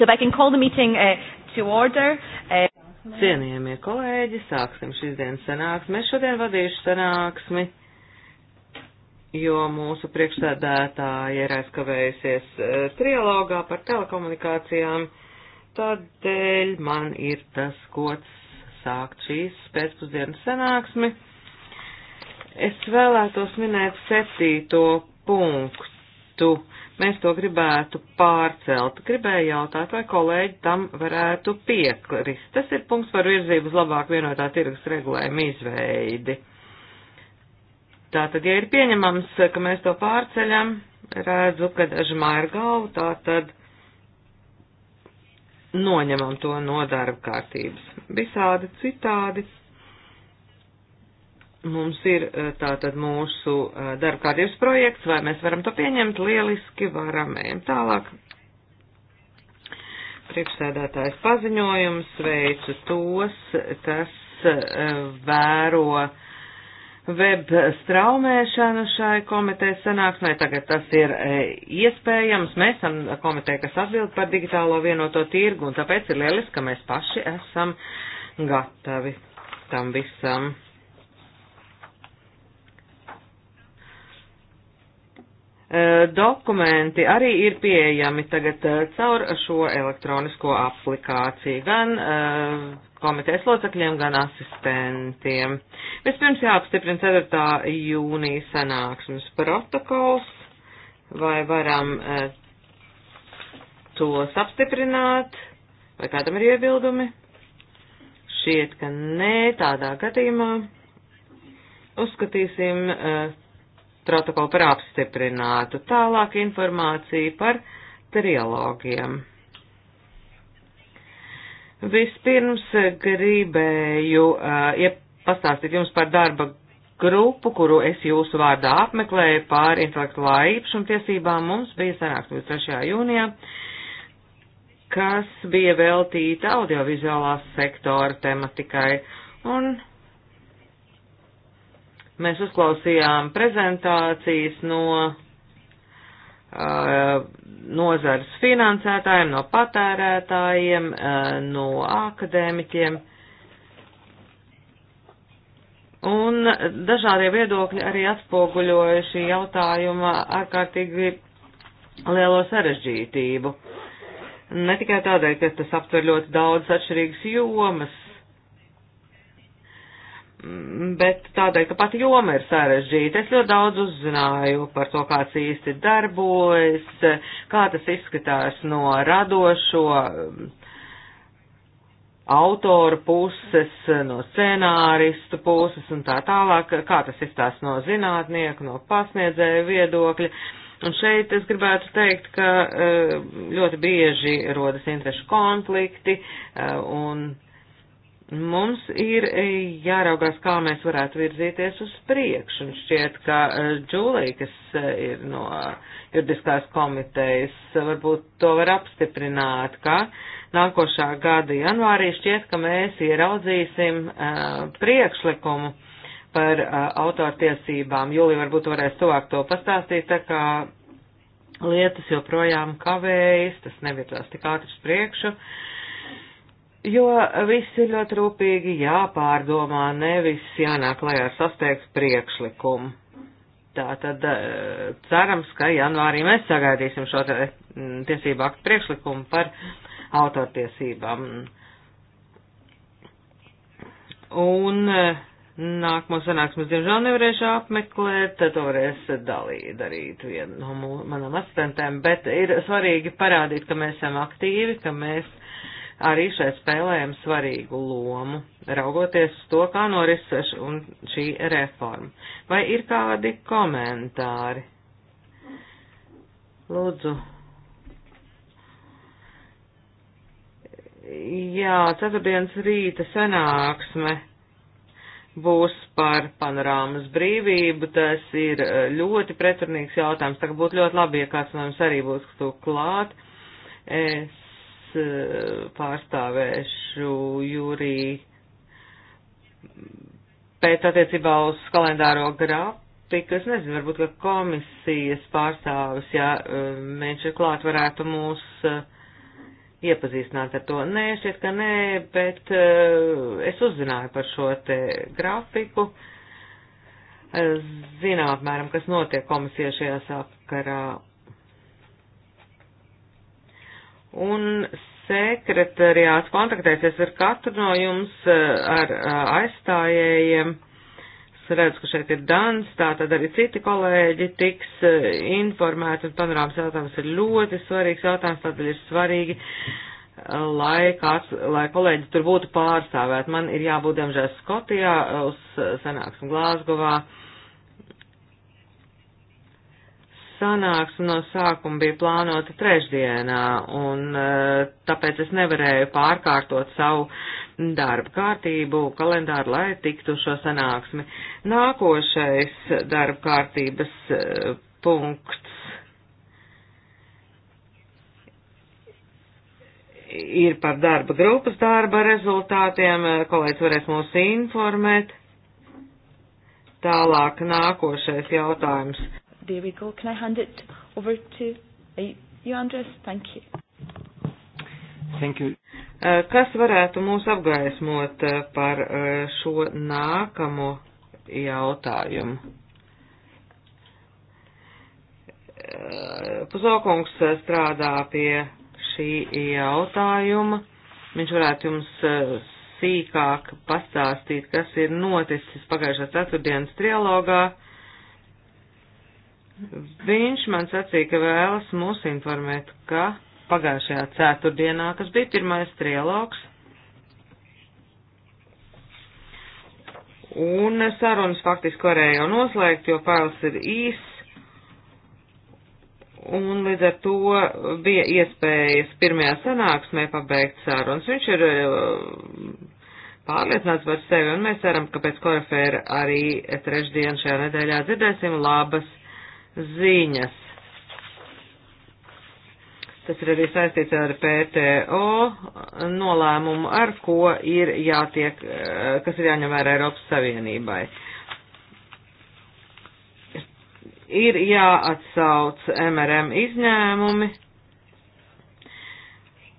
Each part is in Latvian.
So if I can call the meeting uh, to order. Uh, Cienījamie kolēģi, sāksim šīs dienas sanāksmi. Es šodien vadīšu sanāksmi, jo mūsu priekšsēdētāja ir aizkavējusies uh, trialogā par telekomunikācijām. Tādēļ man ir tas gods sākt šīs pēcpusdienas sanāksmi. Es vēlētos minēt septīto punktu mēs to gribētu pārcelt. Gribēju jautāt, vai kolēģi tam varētu piekrist. Tas ir punkts par virzību uz labāk vienotā tirgus regulējumu izveidi. Tātad, ja ir pieņemams, ka mēs to pārceļam, redzu, ka žmā ir galva, tātad noņemam to no darba kārtības. Visādi citādi Mums ir eh, tātad mūsu eh, darba kārtības projekts, vai mēs varam to pieņemt, lieliski varam ejam tālāk. Priekšsēdētājs paziņojums sveicu tos, kas eh, vēro web straumēšanu šai komitejas sanāksmē. Tagad tas ir iespējams. Mēs esam komiteja, kas atbild par digitālo vienoto tirgu, un tāpēc ir lieliski, ka mēs paši esam gatavi tam visam. Eh, dokumenti arī ir pieejami tagad eh, caur šo elektronisko aplikāciju gan eh, komitejas locekļiem, gan asistentiem. Vispirms jāapstiprina 4. jūnija sanāksmes protokols, vai varam tos apstiprināt, vai kādam ir iebildumi? Šiet, ka nē, tādā gadījumā uzskatīsim protokolu par apstiprinātu. Tālāk informācija par trilogiem. Vispirms gribēju uh, eh, ja pastāstīt jums par darba grupu, kuru es jūsu vārdā apmeklēju pār intelektuālā īpašuma tiesībām. Mums bija sanāksme 3. jūnijā, kas bija veltīta audiovizuālās sektora tematikai. Un Mēs uzklausījām prezentācijas no uh, nozares finansētājiem, no patērētājiem, uh, no akadēmiķiem. Un dažādie viedokļi arī atspoguļoja šī jautājuma ārkārtīgi lielo sarežģītību. Ne tikai tādēļ, ka tas aptver ļoti daudz atšķirīgas jomas, Mm, bet tādēļ, ka pati joma ir sarežģīta. Es ļoti daudz uzzināju par to, kāds īsti darbojas, kā tas izskatās no radošo mm, autoru puses, no scenāristu puses un tā tālāk, kā tas izstās no zinātnieku, no pasniedzēju viedokļa. Un šeit es gribētu teikt, ka eh, ļoti bieži rodas interešu konflikti eh, un Mums ir e, jāraugās, kā mēs varētu virzīties uz priekšu, un šķiet, ka e, Džūlija, kas e, ir no juridiskās komitejas, varbūt to var apstiprināt, ka nākošā gada janvārī šķiet, ka mēs ieraudzīsim priekšlikumu par autortiesībām. Jūlija varbūt varēs tuvāk to pastāstīt, tā kā lietas joprojām kavējas, tas nevirzās tik ātri uz priekšu. Uh, jo viss ir ļoti rūpīgi jāpārdomā, nevis jānāk lai ar sasteigtu priekšlikumu. Tā tad eh, cerams, ka janvārī mēs sagaidīsim šo te mm, tiesību aktu priekšlikumu par autortiesībām. Un eh, nākamo sanāksmes, diemžēl, nevarēšu apmeklēt, to varēs dalīt, darīt viena no manām asistentēm, bet ir svarīgi parādīt, ka mēs esam aktīvi, ka mēs arī šeit spēlējam svarīgu lomu, raugoties uz to, kā noris šī reforma. Vai ir kādi komentāri? Lūdzu. Jā, ceturtdienas rīta sanāksme būs par panorāmas brīvību. Tas ir eh, ļoti pretrunīgs jautājums. Tagad būtu ļoti labi, ja kāds no jums arī būs klāt. Es Eh, pārstāvēšu jūrī. Pēc attiecībā uz kalendāro grafiku, es nezinu, varbūt, ka komisijas pārstāvis, ja eh, viņš ir klāt, varētu mūs eh, iepazīstināt ar to. Nē, šķiet, ka nē, bet es uzzināju par šo te grafiku zinām apmēram, kas notiek komisija šajā sakarā, un sekretariāts kontaktēsies ar katru no jums, eh, ar eh, aizstājējiem. Es redzu, ka šeit ir Dans, tā tad arī citi kolēģi tiks eh, informēti, un panorāmas jautājums ir ļoti svarīgs jautājums, tādēļ ir svarīgi, lai, kāds, lai kolēģi tur būtu pārstāvēt. Man ir jābūt, diemžēl, Skotijā uz sanāksmu Glāzgovā. Uh, sanāksme no sākuma bija plānota trešdienā, un eh, tāpēc es nevarēju pārkārtot savu darba kārtību, kalendāru, lai tiktu šo sanāksmi. Nākošais darba kārtības eh, punkts ir par darba grupas darba rezultātiem, kolēģis varēs mūs informēt. Tālāk nākošais jautājums. There we go. Can I hand it over to you, Andres? Thank you. Thank you. Uh, kas varētu mūs apgaismot uh, par uh, šo nākamo jautājumu? Puzokungs strādā pie šī jautājuma. Viņš varētu jums sīkāk pastāstīt, kas ir noticis pagājušā ceturtdienas trialogā Viņš man sacīja, ka vēlas mūs informēt, ka pagājušajā ceturtdienā, kas bija pirmais trialogs, un sarunas faktiski varēja jau noslēgt, jo fails ir īs, un līdz ar to bija iespējas pirmajā sanāksmē pabeigt sarunas. Viņš ir eh, pārliecināts par sevi, un mēs ceram, ka pēc korefēra arī trešdien šajā nedēļā dzirdēsim labas ziņas. Tas ir arī saistīts ar PTO nolēmumu, ar ko ir jātiek, eh, kas ir jāņem vērā Eiropas Savienībai. Ir jāatsauc MRM izņēmumi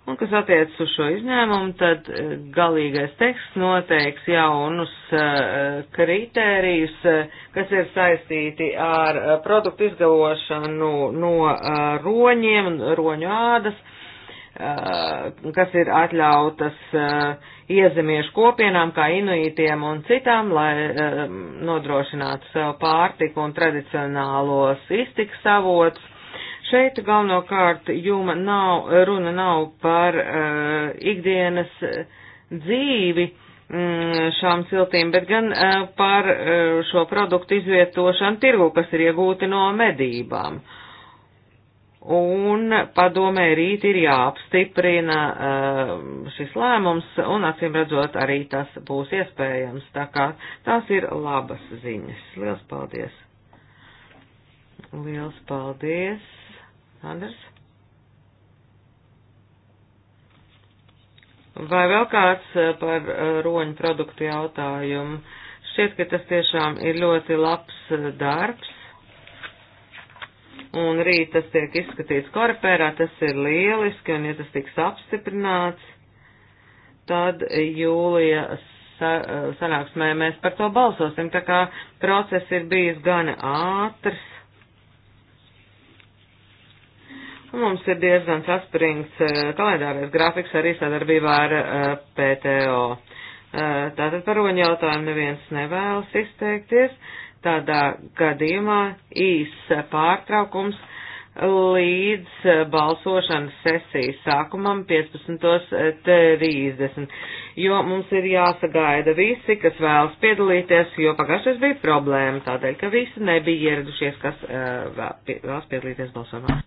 Un kas attiec uz šo izņēmumu, tad eh, galīgais teksts noteiks jaunus eh, kritērijus, eh, kas ir saistīti ar produktu izgavošanu no roņiem, roņu ādas, kas ir atļautas iezemiešu kopienām, kā inuitiem un citām, lai nodrošinātu sev pārtiku un tradicionālos iztiks avots Šeit galvenokārt juma nav, runa nav par uh, ikdienas eh, dzīvi mm, šām siltīm, bet gan uh, par uh, šo produktu izvietošanu tirgu, kas ir iegūti no medībām. Un padomē rīt ir jāapstiprina uh, šis lēmums, un acīm redzot arī tas būs iespējams. Tā kā tās ir labas ziņas. Liels paldies! Liels paldies! Anders? Vai vēl kāds eh, par eh, roņu produktu jautājumu? Šķiet, ka tas tiešām ir ļoti labs eh, darbs. Un rīt tas tiek izskatīts korpērā, tas ir lieliski, un ja tas tiks apstiprināts, tad jūlija sanāksmē mēs par to balsosim. Tā kā process ir bijis gana ātrs Mums ir diezgan saspringts eh, kalendārais grafiks arī sadarbībā ar eh, PTO. Eh, tātad par roņu jautājumu neviens nevēlas izteikties. Tādā gadījumā īs pārtraukums līdz balsošanas sesijas sākumam 15.30, jo mums ir jāsagaida visi, kas vēlas piedalīties, jo pagājušais bija problēma, tādēļ, ka visi nebija ieradušies, kas vēlas piedalīties balsojumā.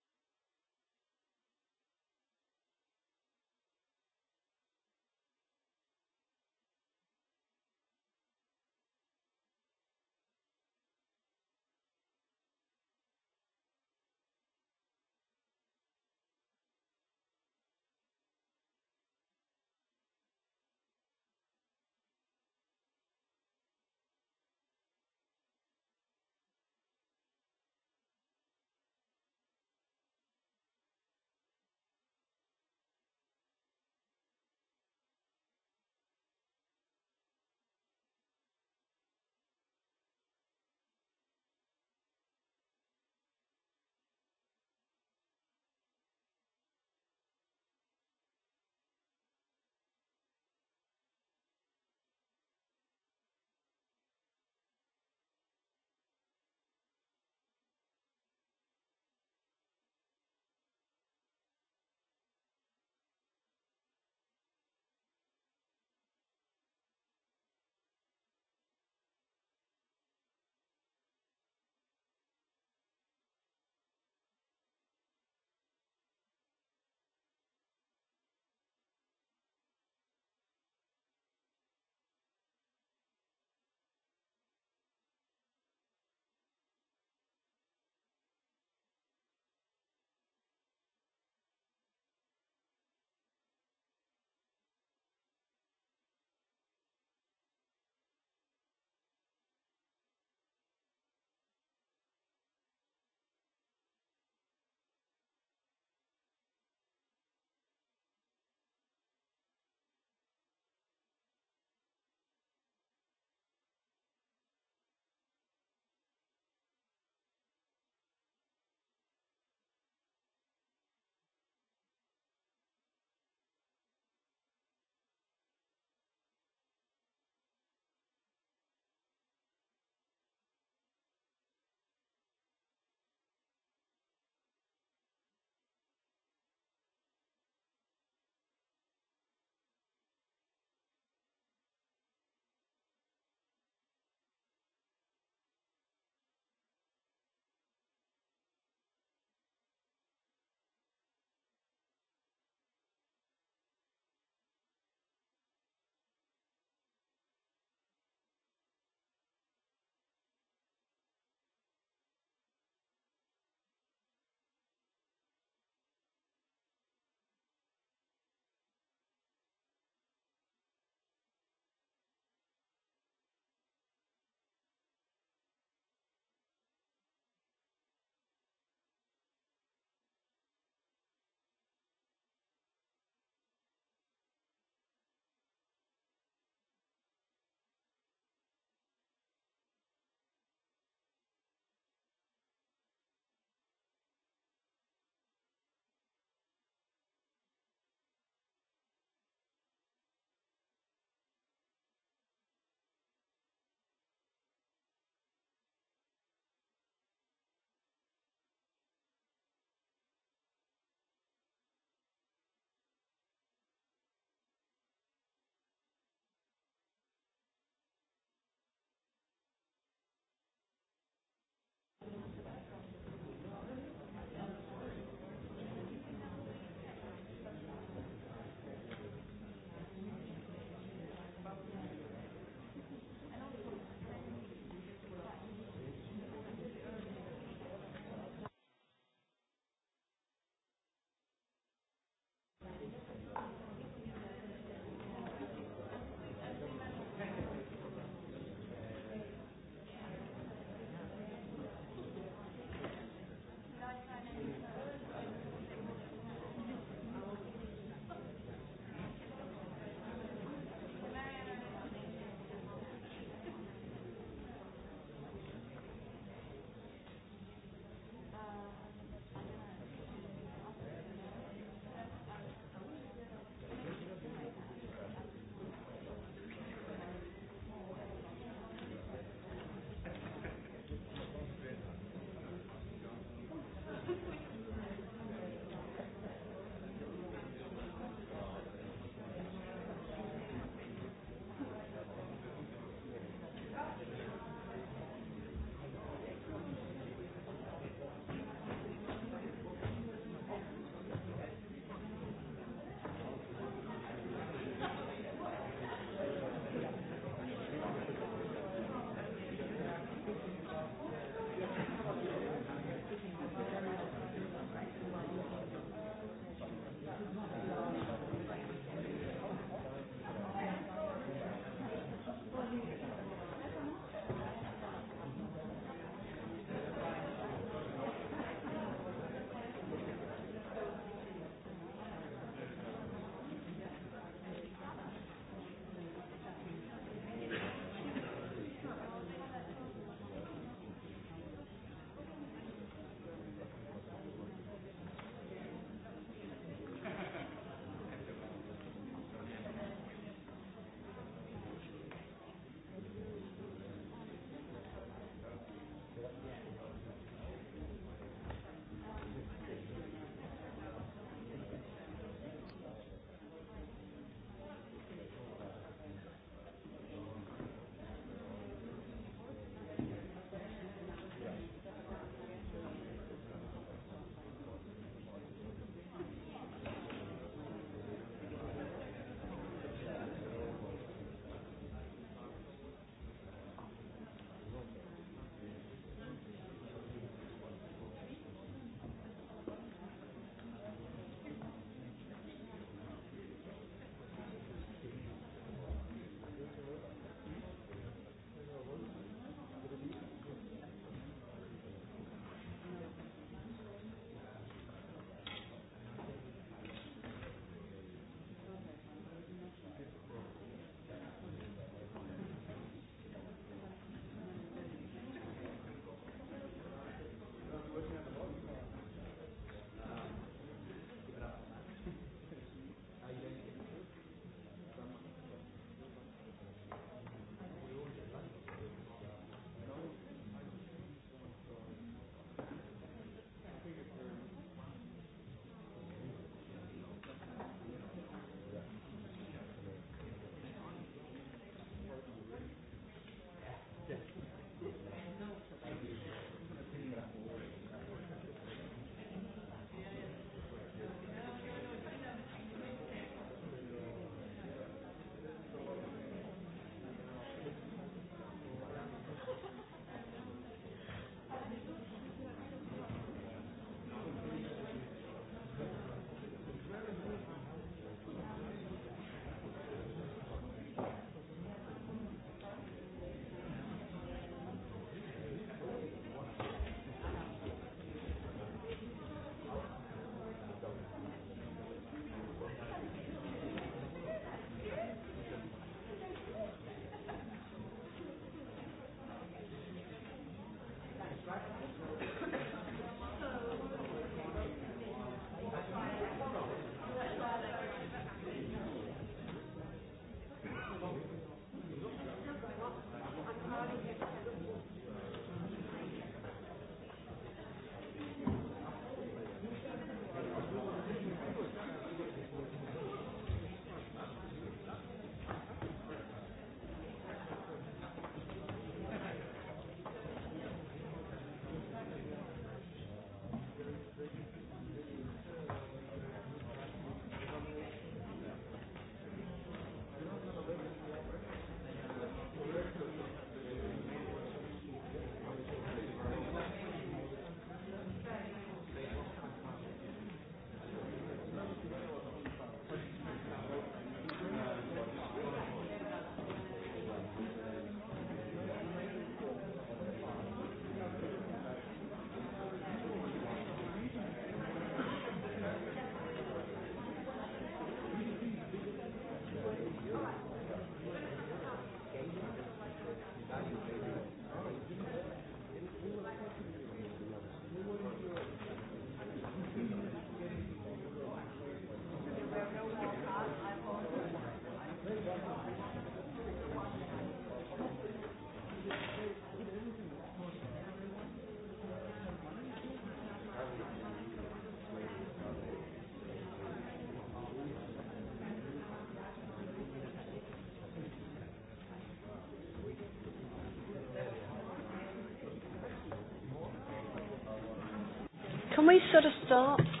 we sort of start?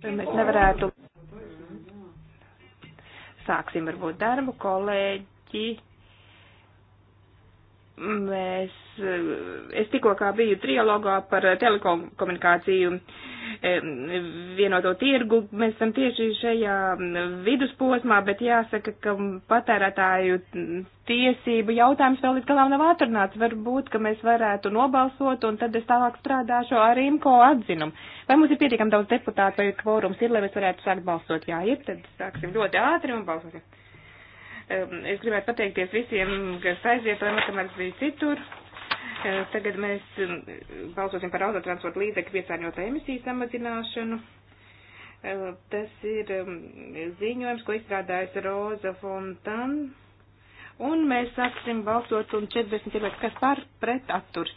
Vai mēs nevarētu sāksim varbūt darbu, kolēģi. Mēs, es tikko kā biju trialogā par telekomunikāciju vienoto tirgu. Mēs esam tieši šajā vidusposmā, bet jāsaka, ka patērētāju tiesību jautājums vēl līdz galām nav atrunāts. Varbūt, ka mēs varētu nobalsot, un tad es tālāk strādāšu ar IMCO atzinumu. Vai mums ir pietiekami daudz deputātu vai kvorums ir, lai mēs varētu sākt balsot? Jā, ir, tad sāksim ļoti ātri un balsosim. Es gribētu pateikties visiem, kas aiziet, lai matemātiski bija citur. Eh, tagad mēs mm, balsosim par autotransporta līdzekļu piesārņotā emisiju samazināšanu. Eh, tas ir mm, ziņojums, ko izstrādājas Roza Fontan. Un mēs sāksim balsot un 40 cilvēks, kas pār pret atturs.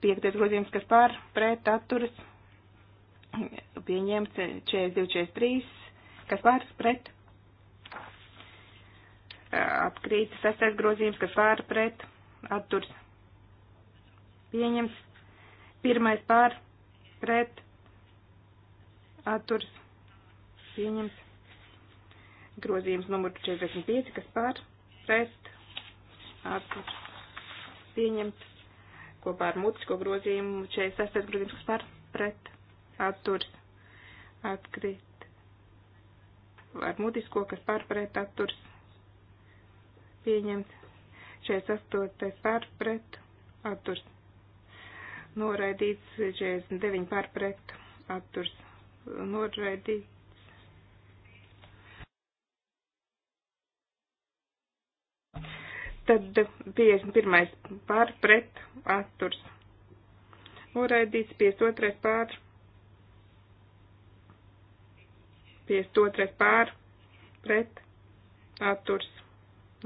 Piektais grozījums, kas pār pret atturs. Pieņemts 42, eh, 43, kas pār pret. Atkrīt sastais grozījums, kas pār pret atturs pieņemts. Pirmais pār pret atturs pieņemts. Grozījums numur 45, kas pār pret atturs pieņemts. Kopā ar mutisko grozījumu 46 grozījums, kas pār pret atturs atkrit. Ar mutisko, kas pār pret atturs pieņemts. 48 pār pret atturs pieņemts noraidīts 49 par pret atturs noraidīts. Tad 51. pār pret atturs. Noraidīts 52. pār. 52. pār pret atturs.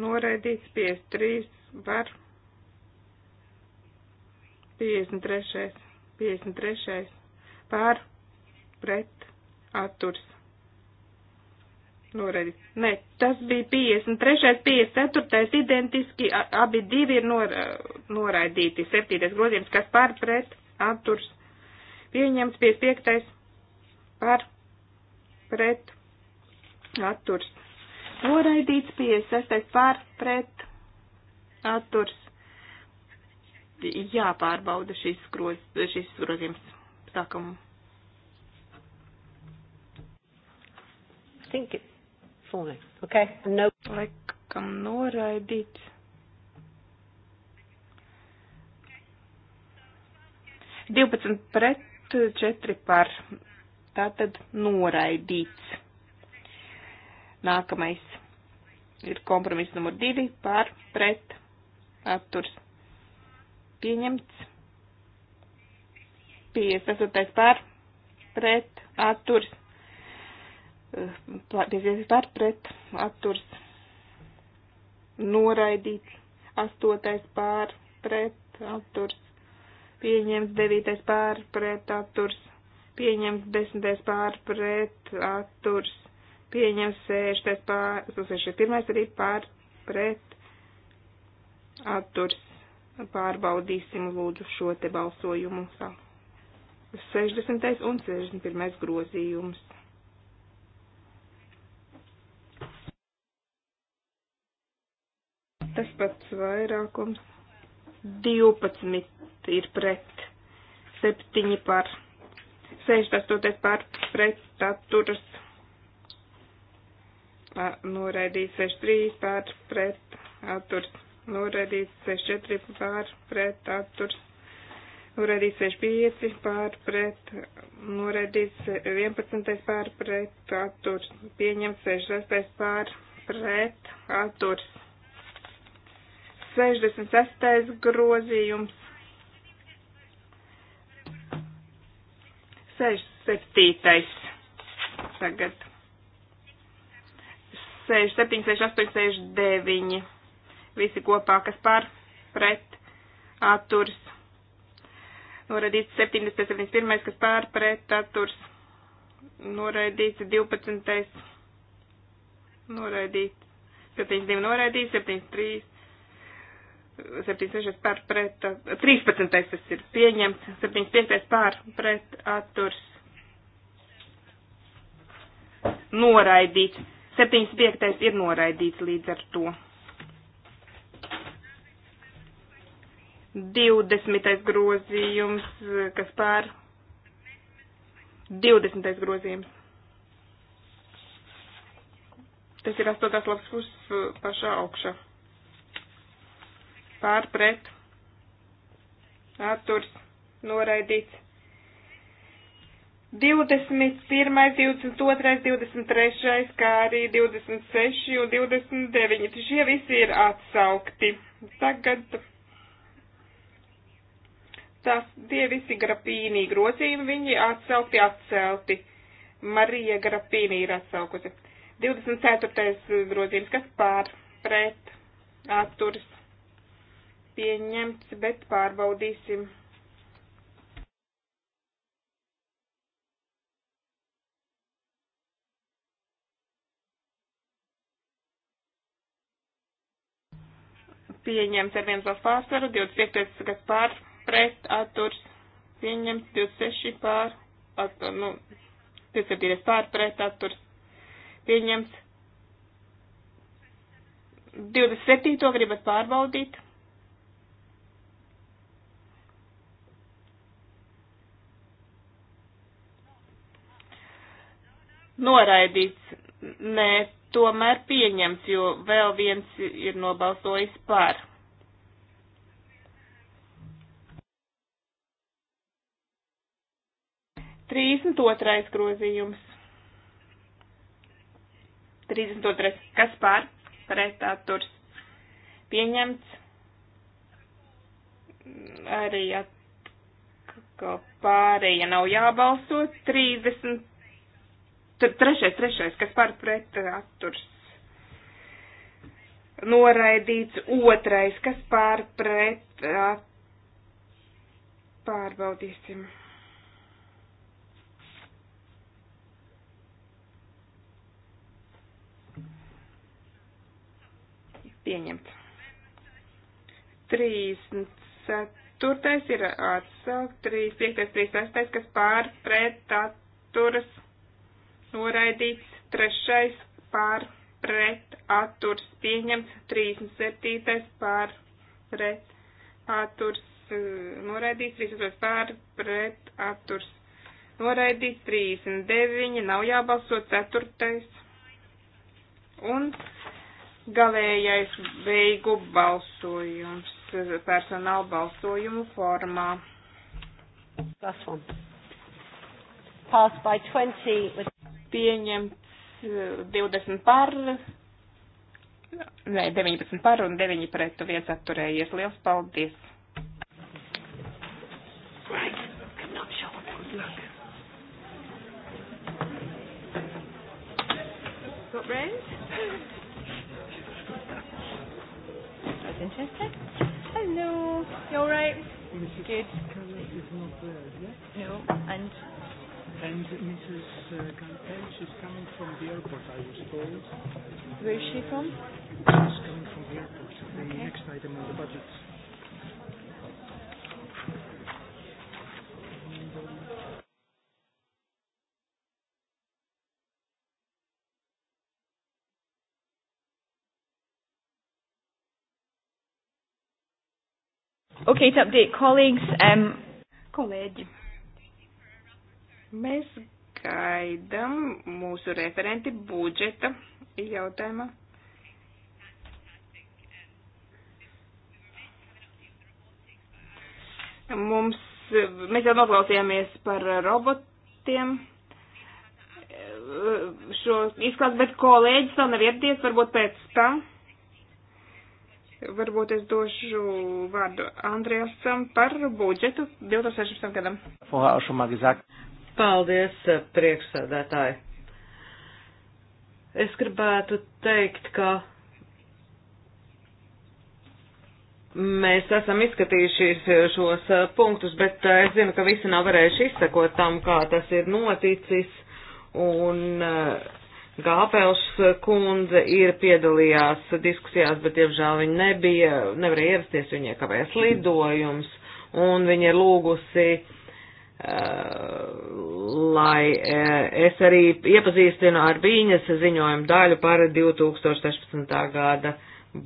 Noraidīts 53. var 53. 53. pār pret atturs. Noredi. Nē, tas bija 53. 54. identiski, abi divi ir nor, noraidīti. 7. grozījums, kas pār pret atturs. Pieņemts 55. pār pret atturs. Noraidīts 56. pār pret atturs ir jāpārbauda šis, groz, šis grozījums. Sākam. Think it. Fully. Okay. No. Laikam noraidīts. Divpadsmit pret četri par. Tātad noraidīts. Nākamais ir kompromiss numur divi par pret atturs pieņemts. 58. pār pret atturs. 50. pār pret atturs. Noraidīts. 8. pār pret atturs. Pieņemts 9. pār pret atturs. Pieņemts 10. pār pret atturs. Pieņemts 6. pār, 61. arī pār pret atturs Pārbaudīsim lūdzu šo te balsojumu. 60. un 61. grozījums. Tas pats vairākums. 12 ir pret, 7 par, 68 par pret, atturas noraidīt 63 pār pret atturs noraidīts 64 pār pret atturs, noraidīts 65 pār pret, noraidīts 11 pār pret atturs, pieņemts 66 pār pret atturs. 66. grozījums. 67. tagad. 6, 7, 6, 8, 6, 9 visi kopā, kas par, pret, atturs. Noraidīts 771, kas par, pret, atturs. Noraidīts 12. Noraidīts 72, noraidīts 73. 76 pār pret, 13. tas ir pieņemts, 75. pār pret atturs noraidīts, 75. ir noraidīts līdz ar to. 20. grozījums, kas pār 20. grozījums. Tas ir 8. labs puses uh, pašā augšā. Pār pret, atturs, noraidīts. 21, 22, 23, kā arī 26 un 29. Šie visi ir atsaukti. Tagad tās, tie visi grapīnī grozījumi, viņi atsaukti atcelti. Marija grapīnī ir atsaukusi. 24. Uh, grozījums, kas pār, pret, atturs, pieņemts, bet pārbaudīsim. Pieņemts ar viens balss pārsvaru, 25. kas pār pret atturs pieņemts 26 pār, at, nu, 27 pār pret atturs pieņemts 27. gribat pārbaudīt. Noraidīts, nē, tomēr pieņems, jo vēl viens ir nobalsojis par. 32. grozījums. 32. Kas pār? Pretāturs. Pieņemts. Arī atkal pārēja nav jābalso. 30. Tad trešais, trešais, kas pār pretāturs. Noraidīts otrais, kas pār pret. Pārbaudīsim. pieņemts. 34. ir atsaukt, 35. 36. kas pār pret atturas noraidīts, 3. pār pret atturs pieņemts, 37. pār pret atturs noraidīts, 38. pār pret atturs noraidīts, 39. nav jābalso, 4. un Galējais beigu balsojums personāla balsojumu formā. Last one. Passed by 20 with... Pieņemts 20 eh, par, nē, 19 par un 9 pret, tu viens atturējies. Liels paldies! Got rain? interesting. Hello. You all right? Mrs. Good. Keller is not there yet. No. And? And Mrs. Uh, Gantel, she's coming from the airport, I was told. Where is she from? She's coming from the airport. The okay. next item on the budget. Okay, to update colleagues. Um, Kolēģi, mēs gaidām mūsu referenti budžeta jautājumā. Mums, mēs jau noklausījāmies par robotiem šo izklāstu, bet kolēģis vēl nav ieradies, varbūt pēc tam Varbūt es došu vārdu Andrēsam par budžetu 2016. gadam. Paldies, eh, priekšsēdētāji. Es gribētu teikt, ka Mēs esam izskatījuši eh, šos eh, punktus, bet es zinu, ka visi nav varējuši izsekot tam, kā tas ir noticis, un Gāpēls kundze ir piedalījās diskusijās, bet, diemžēl, viņa nebija, nevarēja ierasties, viņai kāpēc lidojums, un viņa ir lūgusi, uh, lai uh, es arī iepazīstinu ar viņas ziņojumu daļu par 2016. gada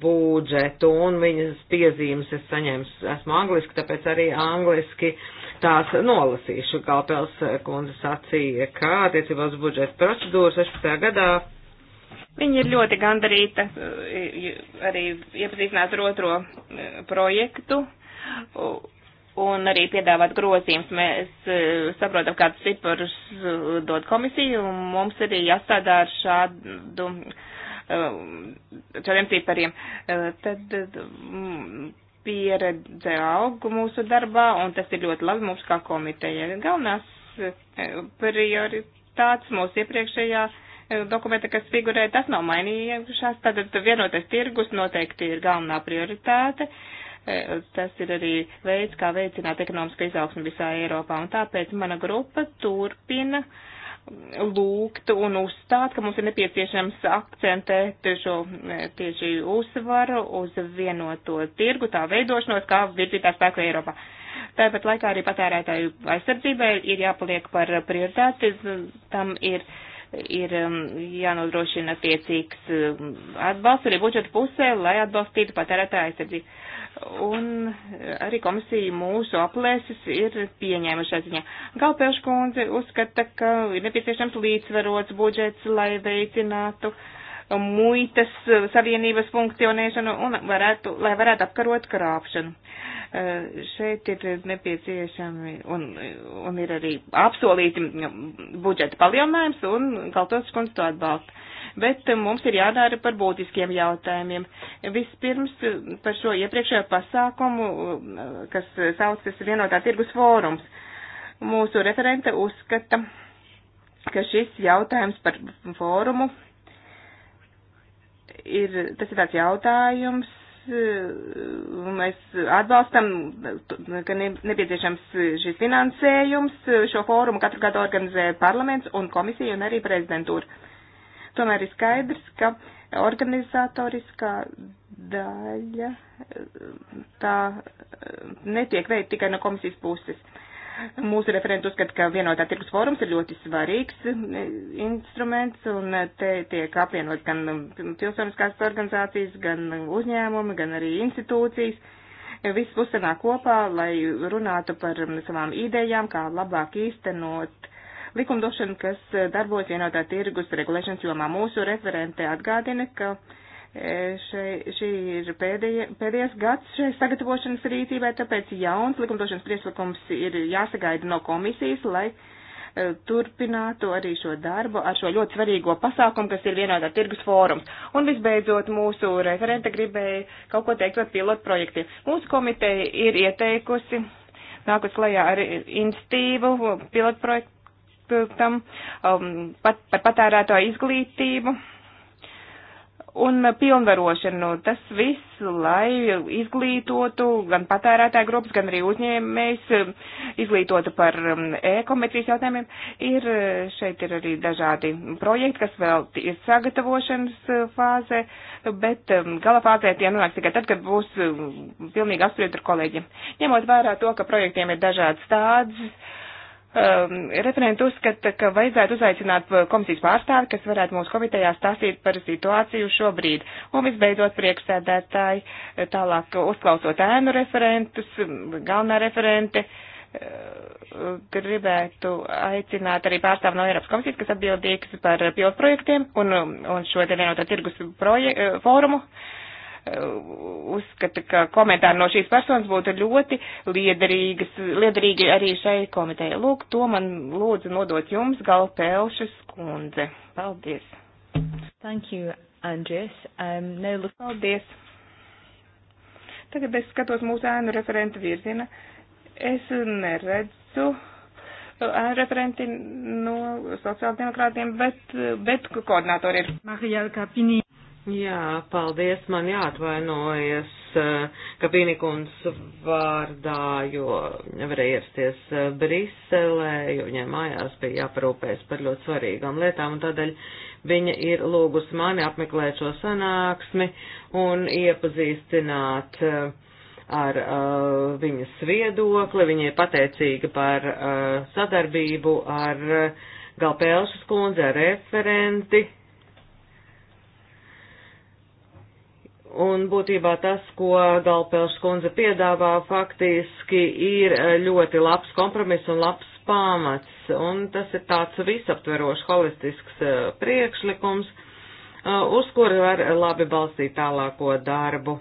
budžetu, un viņas piezīmes es saņēmu, esmu angliski, tāpēc arī angliski uh, tās nolasīšu. Galpels kundze sacīja, ka attiecībā uz budžeta procedūru 16. gadā. Viņa ir ļoti gandarīta, eh, arī iepazīstināt ar otro eh, projektu un arī piedāvāt grozījums. Mēs eh, saprotam, kādus ciparus dod komisija, un mums arī jāstādā ar šādu, šādiem cipariem. Tad pieredze augu mūsu darbā, un tas ir ļoti labi mums kā komiteja. Galvenās e, prioritātes mūsu iepriekšējā e, dokumenta, kas figurē, tas nav mainījušās, tad vienotais tirgus noteikti ir galvenā prioritāte. E, tas ir arī veids, kā veicināt ekonomisku izaugsmu visā Eiropā, un tāpēc mana grupa turpina uh, lūgt un uzstāt, ka mums ir nepieciešams akcentēt šo e, tieši uzsvaru uz vienoto tirgu, tā veidošanos, kā virzītā spēku Eiropā. Tāpat laikā arī patērētāju aizsardzībai ir jāpaliek par prioritāti, tam ir uh, ir um, jānodrošina tiecīgs um, atbalsts arī budžeta pusē, lai atbalstītu patērētāju aizsardzību. Un uh, arī komisija mūsu aplēses ir pieņēmušā ziņā. Galpēškundze uzskata, ka ir nepieciešams līdzsvarots budžets, lai veicinātu uh, muitas eh, savienības funkcionēšanu un varētu, lai varētu apkarot krāpšanu. Eh, šeit ir nepieciešami un, un ir arī apsolīti budžeta palielinājums un Kaltos kundze to atbalsta. Bet eh, mums ir jādara par būtiskiem jautājumiem. Vispirms par šo iepriekšējo pasākumu, kas saucas vienotā tirgus fórums. Mūsu referente uzskata, ka šis jautājums par fórumu ir, tas ir tāds jautājums, mēs atbalstam, ka nepieciešams šis finansējums, šo fórumu katru gadu organizē parlaments un komisija un arī prezidentūra. Tomēr ir skaidrs, ka organizatoriskā daļa tā netiek veikta tikai no komisijas puses. Uh, Mūsu referenti uzskata, ka vienotā tirgus fórums ir ļoti svarīgs eh, instruments, un eh, te tiek apvienot gan um, pilsoniskās organizācijas, gan um, uzņēmumi, gan arī institūcijas. Eh, viss pusenā kopā, lai runātu par um, savām idejām, kā labāk īstenot likumdošanu, kas darbojas vienotā tirgus regulēšanas jomā. Mūsu referente atgādina, ka E, šai, šī ir pēdējie, pēdējais gads šai sagatavošanas rīcībai, tāpēc jauns likumdošanas priekšlikums ir jāsagaida no komisijas, lai e, turpinātu arī šo darbu ar šo ļoti svarīgo pasākumu, kas ir vienādā tirgus fórums. Un visbeidzot, mūsu referente gribēja kaut ko teikt par pilotu projektiem. Mūsu komiteja ir ieteikusi nākus klajā ar institīvu pilotu projektam um, pat, par patērēto izglītību un pilnvarošanu. Nu, tas viss, lai izglītotu gan patērētāju grupas, gan arī uzņēmējs, izglītotu par um, e-komercijas jautājumiem. Ir, eh, šeit ir arī dažādi projekti, kas vēl ir sagatavošanas eh, fāzē, bet um, gala fāzē tie nonāks tikai tad, kad būs um, pilnīgi apspriest ar kolēģiem. Ņemot vērā to, ka projektiem ir dažādas tādas, Um, referenti uzskata, ka vajadzētu uzaicināt komisijas pārstāvi, kas varētu mūsu komitejā stāstīt par situāciju šobrīd. Un visbeidzot, priekšsēdētāji, tālāk uzklausot ēnu referentus, galvenā referente, uh, gribētu aicināt arī pārstāvu no Eiropas komisijas, kas atbildīgs par pilotprojektiem un, un šo te vienotā tirgus proje, uh, fórumu. Uh, uzskata, ka komentāri no šīs personas būtu ļoti liederīgi arī šai komitejai. Lūk, to man lūdzu nodot jums, Galpēlšas kundze. Paldies. Thank you, Andries. Um, now look... Paldies. Tagad es skatos mūsu ēnu referenta virziena. Es neredzu uh, ēnu referenti no sociāldemokrātiem, bet, uh, bet koordinātori ir. Marija Kapinī. Jā, paldies, man jāatvainojas eh, Kabīnikums vārdā, jo nevarēja ierasties eh, Briselē, jo viņai mājās bija jāparūpēs par ļoti svarīgām lietām, un tādēļ viņa ir lūgus mani apmeklēt šo sanāksmi un iepazīstināt eh, ar uh, viņas viedokli. Viņa ir pateicīga par uh, sadarbību ar uh, Galpēlšas kundze, ar referenti Un būtībā tas, ko Galpelšs kundze piedāvā, faktiski ir eh, ļoti labs kompromiss un labs pamats. Un tas ir tāds visaptverošs, holistisks eh, priekšlikums, eh, uz kuru var labi balstīt tālāko darbu.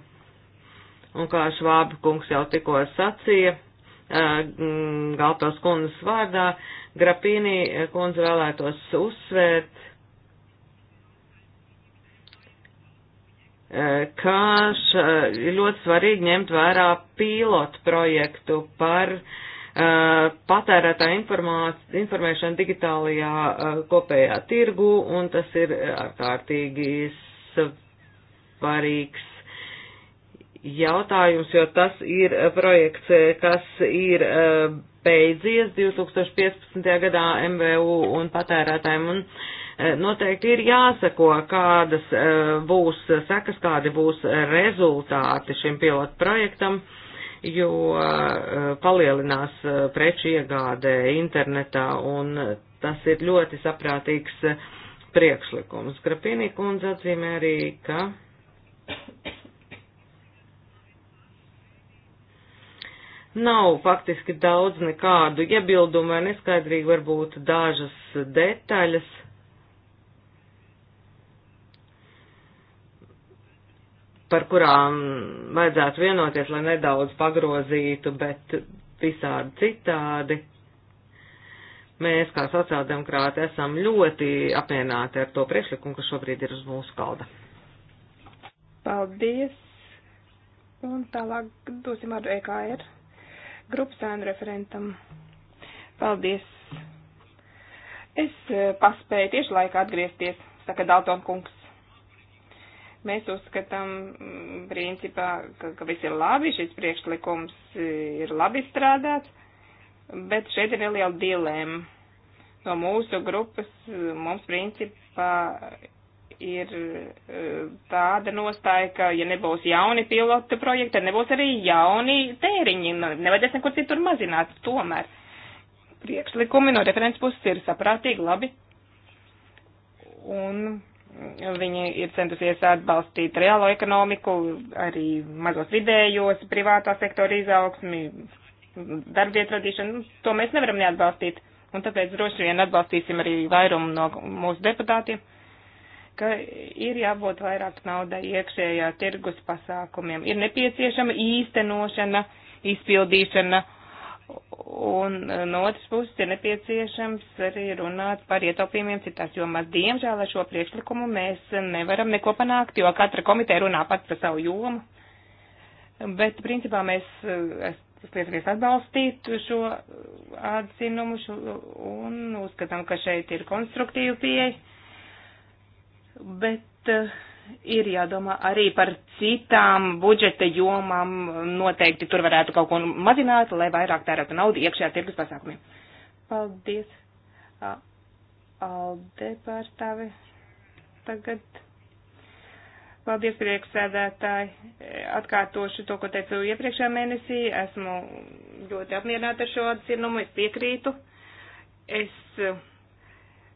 Un kā Švāba kungs jau tikko sacīja, mm, Galpelšs kundzes vārdā, Grapīnī kundze vēlētos uzsvērt ka eh, ļoti svarīgi ņemt vērā pilotu projektu par eh, patērētā informēšana digitālajā eh, kopējā tirgu, un tas ir ārkārtīgi svarīgs jautājums, jo tas ir projekts, kas ir beidzies 2015. gadā MVU un patērētājiem, un Eh, noteikti ir jāsako, kādas eh, būs sekas, kādi būs rezultāti šim pilotu projektam, jo eh, palielinās preču iegādē internetā un tas ir ļoti saprātīgs priekšlikums. Grapinī kundze atzīmē arī, ka. Nav faktiski daudz nekādu iebildumu vai neskaidrīgi varbūt dažas detaļas par kurām vajadzētu vienoties, lai nedaudz pagrozītu, bet visādi citādi. Mēs, kā sociāldemokrāti, esam ļoti apmierināti ar to priekšlikumu, kas šobrīd ir uz mūsu kalda. Paldies! Un tālāk dosim ar e EKR grupas ēnu referentam. Paldies! Es eh, paspēju tieši laikā atgriezties, saka Dalton kungs. Mēs uzskatām, mm, principā, ka, ka viss ir labi, šis priekšlikums ir labi strādāts, bet šeit ir neliela dilēma. No mūsu grupas mm, mums, principā, ir mm, tāda nostāja, ka, ja nebūs jauni pilota projekti, tad nebūs arī jauni tēriņi, nu, nevajadzēs nekur citur mazināt. Tomēr priekšlikumi no referents puses ir saprātīgi labi. Un Viņi ir centusies atbalstīt reālo ekonomiku, arī mazos vidējos, privātā sektora izaugsmi, darbvietu radīšanu. Nu, to mēs nevaram neatbalstīt. Un tāpēc droši vien atbalstīsim arī vairumu no mūsu deputātiem, ka ir jābūt vairāk naudai iekšējā tirgus pasākumiem. Ir nepieciešama īstenošana, izpildīšana Un eh, no otras puses ir nepieciešams arī runāt par ietaupījumiem citās jomās. Diemžēl ar šo priekšlikumu mēs nevaram neko panākt, jo katra komiteja runā pat par savu jomu. Bet, principā, mēs eh, spējamies atbalstīt šo eh, atzinumu šo, un uzskatām, ka šeit ir konstruktīva pieeja. Bet uh, ir jādomā arī par citām budžeta jomām. Noteikti tur varētu kaut ko mazināt, lai vairāk tērētu naudu iekšējā tirgus pasākumiem. Paldies. Alde pārstāvi. Tagad. Paldies, priekšsēdētāji. Atkārtošu to, ko teicu iepriekšējā mēnesī. Esmu ļoti apmierināta ar šo atzinumu. Es piekrītu. Es. Uh,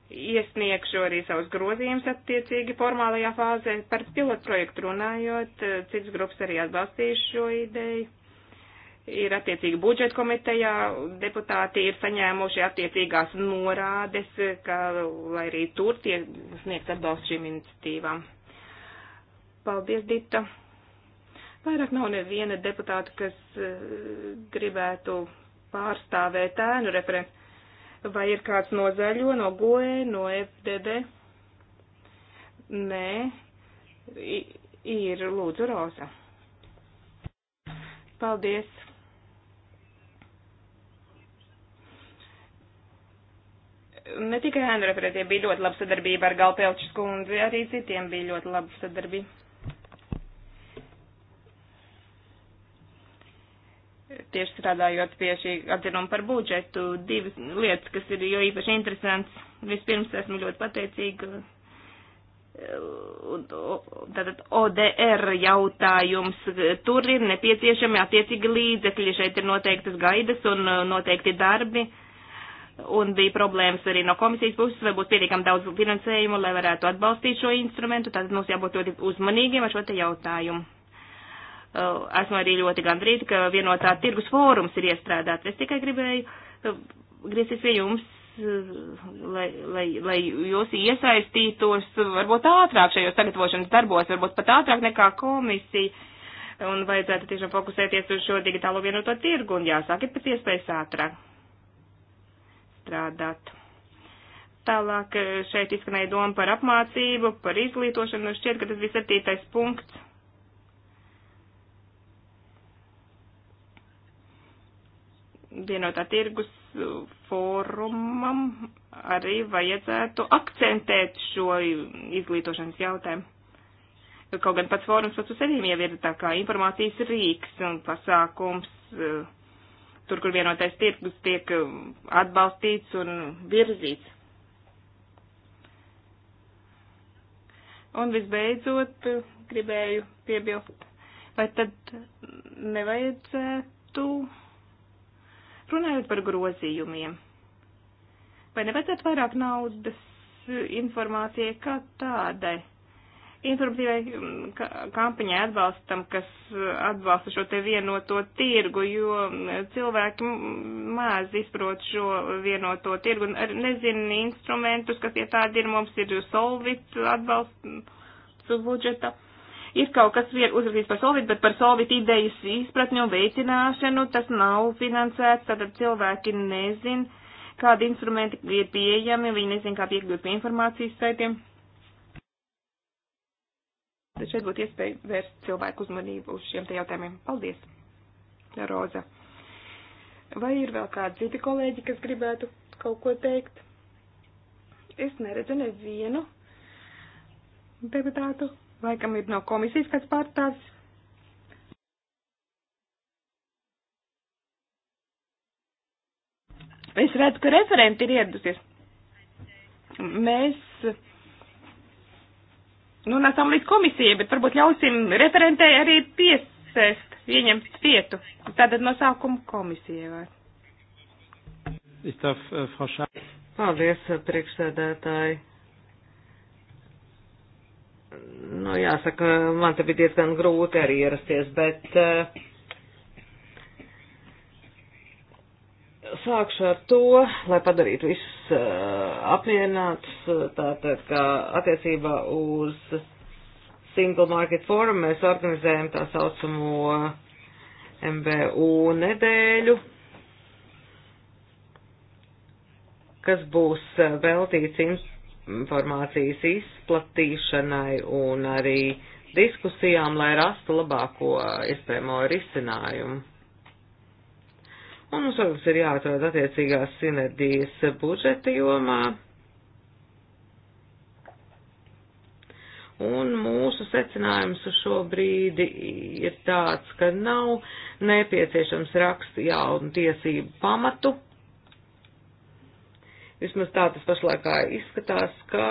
iesniegšu arī savus grozījumus attiecīgi formālajā fāzē. Par pilotprojektu runājot, eh, cits grupas arī atbalstīs šo ideju. Ir attiecīgi budžeta komitejā, deputāti ir saņēmuši attiecīgās norādes, ka, lai arī tur tiek sniegts atbalsts šīm iniciatīvām. Paldies, Dita. Vairāk nav neviena deputāta, kas eh, gribētu pārstāvēt ēnu referentu. Vai ir kāds no zaļo, no goē, no FDD? Nē, I, ir lūdzu roza. Paldies. Ne tikai Henrefretiem bija ļoti laba sadarbība ar Galpelču skundzi, arī citiem bija ļoti laba sadarbība. tieši strādājot pie šī atzinuma par budžetu, divas lietas, kas ir jo īpaši interesants. Vispirms esmu ļoti pateicīga. Tātad ODR jautājums. Tur ir nepieciešami attiecīgi līdzekļi. Šeit ir noteiktas gaidas un uh, noteikti darbi. Un bija problēmas arī no komisijas puses, vai būtu pietiekami daudz finansējumu, lai varētu atbalstīt šo instrumentu. Tātad mums jābūt ļoti uzmanīgiem ar šo te jautājumu Eh, esmu arī ļoti gandrīz, ka vienotā tirgus fórums ir iestrādāts. Es tikai gribēju eh, griezties pie jums, eh, lai, lai, lai jūs iesaistītos varbūt ātrāk šajos sagatavošanas darbos, varbūt pat ātrāk nekā komisija. Un vajadzētu tiešām fokusēties uz šo digitālo vienoto tirgu un jāsāk ir pēc iespējas ātrāk strādāt. Tālāk šeit izskanēja doma par apmācību, par izglītošanu, un šķiet, ka tas bija septītais punkts. vienotā tirgus fórumam arī vajadzētu akcentēt šo izglītošanas jautājumu. Kaut gan pats fórums pats uz sevi jau ir tā kā informācijas rīks un pasākums, eh, tur, kur vienotais tirgus tiek eh, atbalstīts un virzīts. Un visbeidzot, eh, gribēju piebilst, vai tad nevajadzētu Runājot par grozījumiem, vai nevajadzētu vairāk naudas informācijai kā tādai? Informatīvai mm, kampaņai atbalstam, kas uh, atbalsta šo te vienoto tirgu, jo mm, cilvēki maz izprot šo vienoto tirgu, nezina instrumentus, kas tie tādi ir, mums ir solvit atbalsts budžeta. Uh, ir kaut kas uzrakstīts par solvītu, bet par solvītu idejas izpratni un veicināšanu tas nav finansēts, tātad cilvēki nezin, kādi instrumenti ir pieejami, viņi nezin, kā piekļūt pie informācijas saitiem. Tad šeit būtu iespēja vērst cilvēku uzmanību uz šiem te jautājumiem. Paldies, Roza. Vai ir vēl kādi citi kolēģi, kas gribētu kaut ko teikt? Es neredzu nevienu deputātu Laikam ir no komisijas kāds pārstāvis. Es redzu, ka referenti ir ieradusies. Mēs, nu, nesam līdz komisijai, bet varbūt ļausim referentē arī piesēst, ieņemt vietu. Tātad no sākuma komisijai vai? Eh, Paldies, eh, priekšsēdētāji nu, jāsaka, man te bija diezgan grūti arī ierasties, bet uh, sākšu ar to, lai padarītu visus uh, apmierinātus, tātad, kā attiecībā uz Single Market Forum mēs organizējam tā saucamo MBU nedēļu, kas būs eh, veltīts informācijas izplatīšanai un arī diskusijām, lai rastu labāko iespējamo risinājumu. Un mums, protams, ir jāatrod attiecīgās sinerģijas budžeta jomā. Un mūsu secinājums uz šo brīdi ir tāds, ka nav nepieciešams rakstu jaunu tiesību pamatu vismaz tā tas pašlaikā izskatās, ka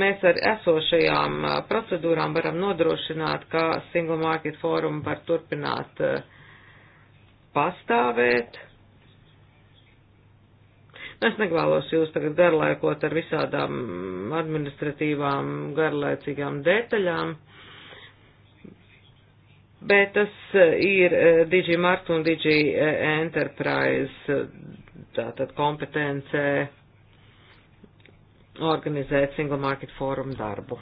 mēs ar esošajām uh, procedūrām varam nodrošināt, ka Single Market Forum var turpināt uh, pastāvēt. Nu, es negvēlos jūs tagad garlaikot ar visādām administratīvām garlaicīgām detaļām, bet tas uh, ir DigiMart un DigiEnterprise tātad kompetencē organizēt Single Market Forum darbu.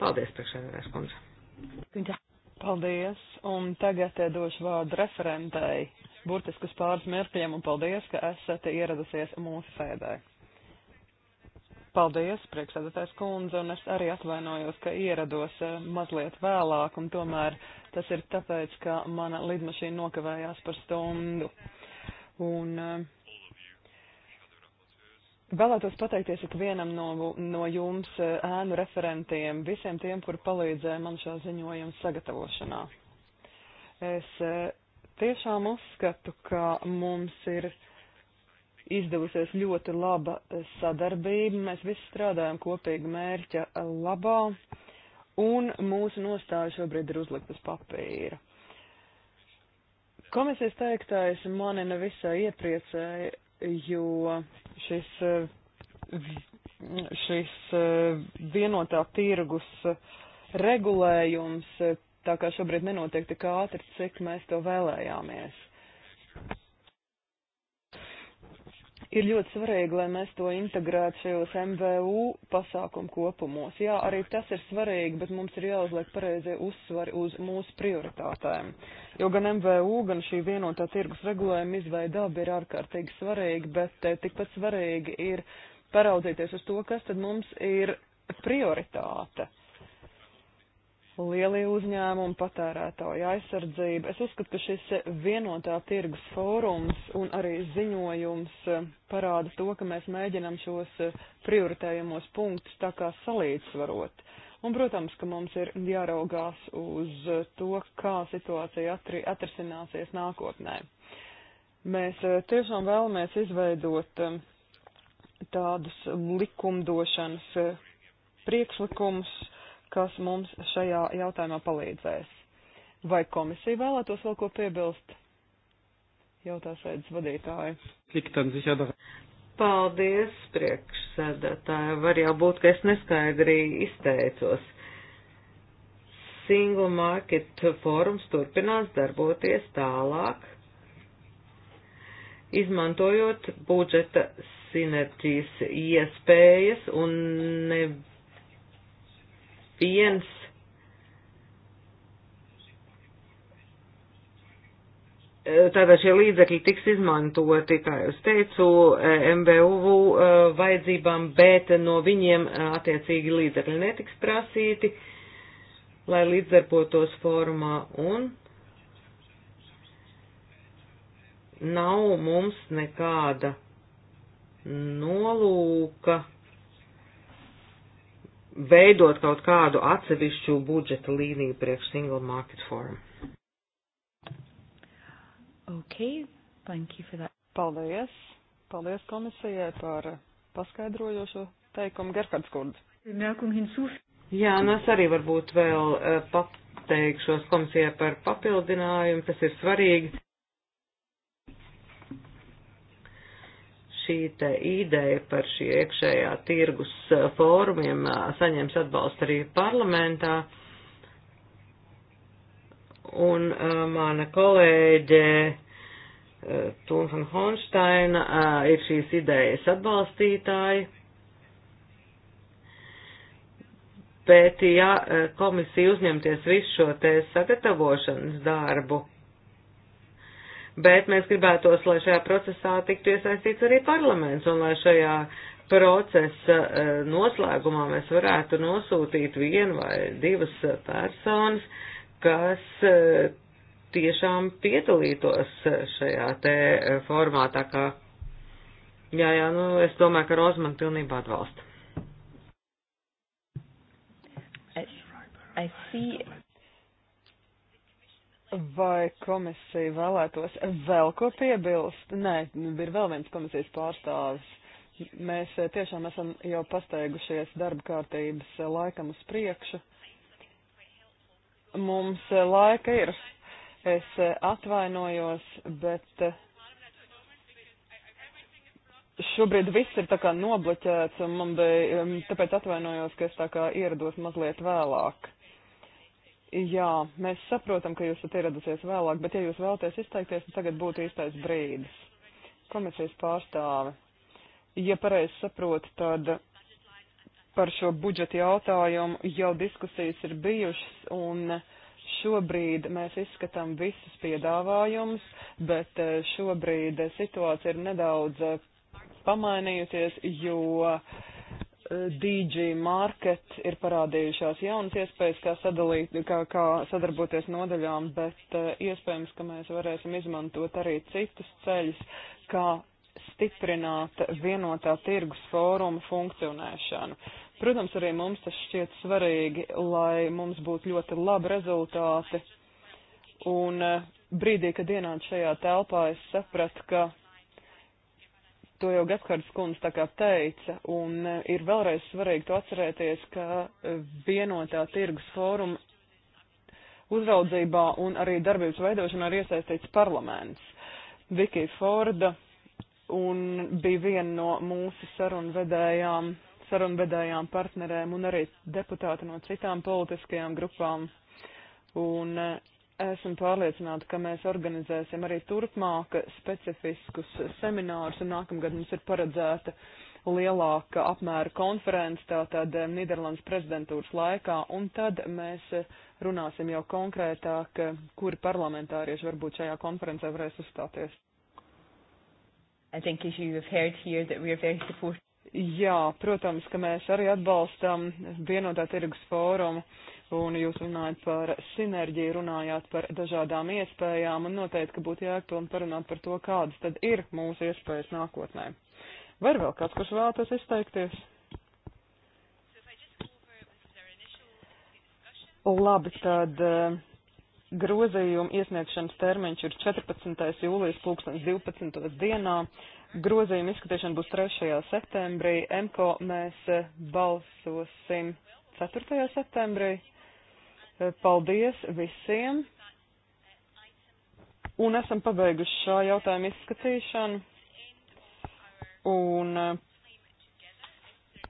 Paldies, priekšsēdētājs kundze. Paldies, un tagad došu vārdu referentei. Burtiski uz pāris mirkļiem, un paldies, ka esat ieradusies mūsu sēdē. Paldies, priekšsēdētājs kundze, un es arī atvainojos, ka ierados eh, mazliet vēlāk, un tomēr tas ir tāpēc, ka mana lidmašīna nokavējās par stundu. Un uh, Vēlētos pateikties ikvienam no, no jums, eh, ēnu referentiem, visiem tiem, kur palīdzēja man šā ziņojuma sagatavošanā. Es eh, tiešām uzskatu, ka mums ir izdevusies ļoti laba eh, sadarbība, mēs visi strādājam kopīgi mērķa labā, un mūsu nostāja šobrīd ir uzlikta uz papīra. Komisijas teiktais mani nevisai iepriecēja, jo šis, eh, šis eh, vienotā tirgus regulējums, eh, tā kā šobrīd nenotiek tik ātri, cik mēs to vēlējāmies. Ir ļoti svarīgi, lai mēs to integrētu šajos MVU pasākumu kopumos. Jā, arī tas ir svarīgi, bet mums ir jāuzliek pareizie uzsvari uz mūsu prioritātēm. Jo gan MVU, gan šī vienotā tirgus regulējuma izveida abi ir ārkārtīgi svarīgi, bet eh, tikpat svarīgi ir paraudzīties uz to, kas tad mums ir prioritāte lielie uzņēmumi, patērētāja aizsardzība. Es uzskatu, ka šis vienotā tirgus fórums un arī ziņojums eh, parāda to, ka mēs mēģinam šos eh, prioritējumos punktus tā kā salīdzvarot. Un, protams, ka mums ir jāraugās uz eh, to, kā situācija atri, atrisināsies nākotnē. Mēs tiešām vēlamies izveidot tādus likumdošanas priekšlikumus, kas mums šajā jautājumā palīdzēs. Vai komisija vēlētos vēl ko piebilst? Jautā sēdes vadītāji. Paldies, priekšsēdētāji. Var jau būt, ka es neskaidri izteicos. Single Market Forums turpinās darboties tālāk, izmantojot budžeta sinerģijas iespējas un nevienu viens. Tātad šie līdzekļi tiks izmantoti, kā jau es teicu, MBU eh, vajadzībām, bet no viņiem eh, attiecīgi līdzekļi netiks prasīti, lai līdzdarbotos formā un nav mums nekāda nolūka veidot kaut kādu atsevišķu budžeta līniju priekš Single Market Forum. Okay, thank you for that. Paldies. Paldies komisijai par paskaidrojošo teikumu Gerhards Kurds. Jā, un es arī varbūt vēl eh, pateikšos komisijai par papildinājumu, tas ir svarīgi. šī te ideja par šī iekšējā tirgus eh, fórumiem eh, saņems atbalstu arī parlamentā. Un eh, mana kolēģe Tunhan Honsteina ir šīs idejas atbalstītāji. Bet, ja komisija uzņemties visu šo te sagatavošanas darbu, bet mēs gribētos, lai šajā procesā tiktu iesaistīts arī parlaments un lai šajā procesa eh, noslēgumā mēs varētu nosūtīt vienu vai divas personas, kas eh, tiešām piedalītos šajā te eh, formātā, kā jā, jā, nu, es domāju, ka Rozman pilnībā atbalsta. I see Vai komisija vēlētos vēl ko piebilst? Nē, nu, ir vēl viens komisijas pārstāvis. Mēs eh, tiešām esam jau pasteigušies darba kārtības eh, laikam uz priekšu. Mums eh, laika ir. Es atvainojos, bet šobrīd viss ir tā kā nobloķēts, un man bija, tāpēc atvainojos, ka es tā kā ierados mazliet vēlāk. Jā, mēs saprotam, ka jūs esat ieradusies vēlāk, bet ja jūs vēlaties izteikties, tad tagad būtu īstais brīdis. Komisijas pārstāve. Ja pareizi saprotu, tad par šo budžeta jautājumu jau diskusijas ir bijušas un šobrīd mēs izskatām visus piedāvājumus, bet eh, šobrīd situācija ir nedaudz eh, pamainījusies, jo uh, DG Market ir parādījušās jaunas iespējas, kā, sadalīt, kā, kā sadarboties nodaļām, bet eh, iespējams, ka mēs varēsim izmantot arī citus ceļus, kā stiprināt vienotā tirgus fóruma funkcionēšanu. Protams, arī mums tas šķiet svarīgi, lai mums būtu ļoti labi rezultāti. Un eh, brīdī, kad ienācu šajā telpā, es sapratu, ka To jau Gaskards kundze tā kā teica, un e, ir vēlreiz svarīgi to atcerēties, ka e, vienotā tirgus fóruma uzraudzībā un arī darbības veidošanā ir iesaistīts parlaments. Viki Forda un bija viena no mūsu sarunvedējām, sarunvedējām partnerēm un arī deputāti no citām politiskajām grupām. Un e, Esmu pārliecināta, ka mēs organizēsim arī turpmāk specifiskus seminārus, un nākamgad mums ir paredzēta lielāka apmēra konference, tātad eh, Nīderlandes prezidentūras laikā, un tad mēs eh, runāsim jau konkrētāk, eh, kuri parlamentārieši varbūt šajā konferencē varēs uzstāties. Jā, protams, ka mēs arī atbalstam vienotā tirgus fórumu. Uh, un jūs runājat par sinerģiju, runājāt par dažādām iespējām, un noteikti, ka būtu jēgpilni parunāt par to, kādas tad ir mūsu iespējas nākotnē. Var vēl kāds, kurš vēlētos izteikties? Labi, tad eh, grozījuma iesniegšanas termiņš ir 14. jūlijas 2012. dienā. Grozījuma izskatīšana būs 3. septembrī. MKO mēs eh, balsosim 4. septembrī. Paldies visiem! Un esam pabeiguši šā jautājuma izskatīšanu. Un eh,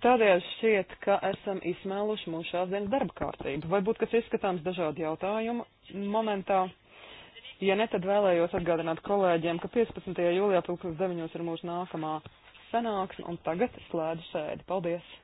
tādēļ šķiet, ka esam izsmēluši mūsu šās dienas darba kārtību. Vai būtu kas izskatāms dažādi jautājumi momentā? Ja ne, tad vēlējos atgādināt kolēģiem, ka 15. jūlijā 2009 ir mūsu nākamā sanāksme un tagad slēdz sēdi. Paldies!